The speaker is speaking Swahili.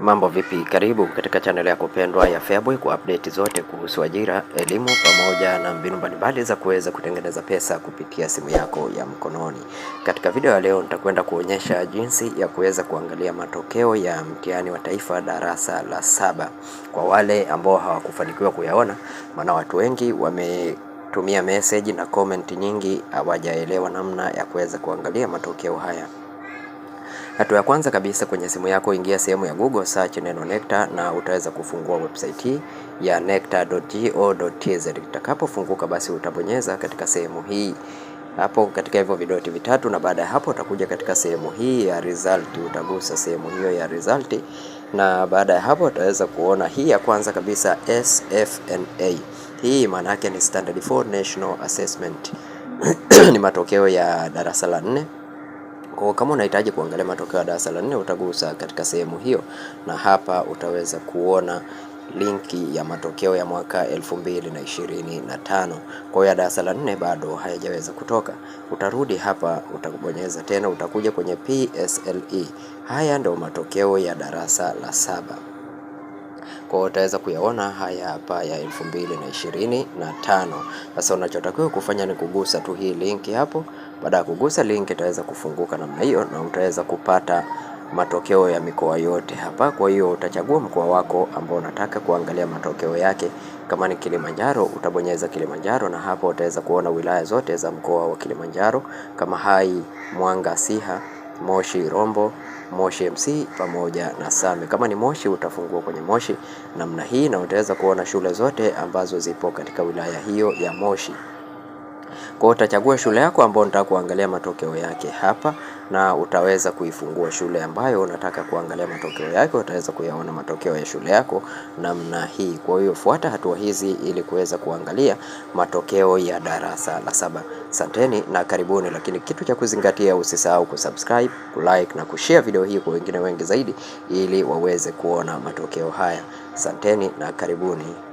Mambo vipi? Karibu katika channel ya kupendwa ya Feaboy kwa update zote kuhusu ajira, elimu pamoja na mbinu mbalimbali za kuweza kutengeneza pesa kupitia simu yako ya mkononi. Katika video ya leo nitakwenda kuonyesha jinsi ya kuweza kuangalia matokeo ya mtihani wa taifa darasa la saba kwa wale ambao hawakufanikiwa kuyaona, maana watu wengi wame tumia message na comment nyingi hawajaelewa namna ya kuweza kuangalia matokeo haya. Hatua ya kwanza kabisa, kwenye simu yako ingia sehemu ya Google search neno NECTA na utaweza kufungua website hii ya necta.go.tz. Itakapofunguka basi utabonyeza katika sehemu hii hapo katika hivyo vidoti vitatu, na baada ya hapo utakuja katika sehemu hii ya result, utagusa sehemu hiyo ya result, na baada ya hapo utaweza kuona hii ya kwanza kabisa SFNA. Hii maana yake ni Standard 4 National Assessment ni matokeo ya darasa la nne. Kwa kama unahitaji kuangalia matokeo ya darasa la nne utagusa katika sehemu hiyo, na hapa utaweza kuona linki ya matokeo ya mwaka 2025. Kwa hiyo ya darasa la nne bado hayajaweza kutoka. Utarudi hapa, utabonyeza tena, utakuja kwenye PSLE. Haya ndio matokeo ya darasa la saba. Kwa hiyo utaweza kuyaona haya hapa ya elfu mbili na ishirini na tano. Sasa unachotakiwa kufanya ni kugusa tu hii linki hapo. Baada ya kugusa linki itaweza kufunguka namna hiyo, na utaweza kupata matokeo ya mikoa yote hapa. Kwa hiyo utachagua mkoa wako ambao unataka kuangalia matokeo yake. Kama ni Kilimanjaro utabonyeza Kilimanjaro, na hapo utaweza kuona wilaya zote za mkoa wa Kilimanjaro kama Hai, Mwanga, Siha Moshi Rombo, Moshi MC pamoja na Same. Kama ni Moshi utafungua kwenye Moshi namna hii, na utaweza kuona shule zote ambazo zipo katika wilaya hiyo ya Moshi. Kwa hiyo utachagua shule yako ambayo unataka kuangalia matokeo yake hapa, na utaweza kuifungua shule ambayo unataka kuangalia matokeo yake. Utaweza kuyaona matokeo ya shule yako namna hii. Kwa hiyo fuata hatua hizi ili kuweza kuangalia matokeo ya darasa la saba. Asanteni na karibuni, lakini kitu cha kuzingatia, usisahau kusubscribe, kulike na kushare video hii kwa wengine wengi zaidi, ili waweze kuona matokeo haya. Asanteni na karibuni.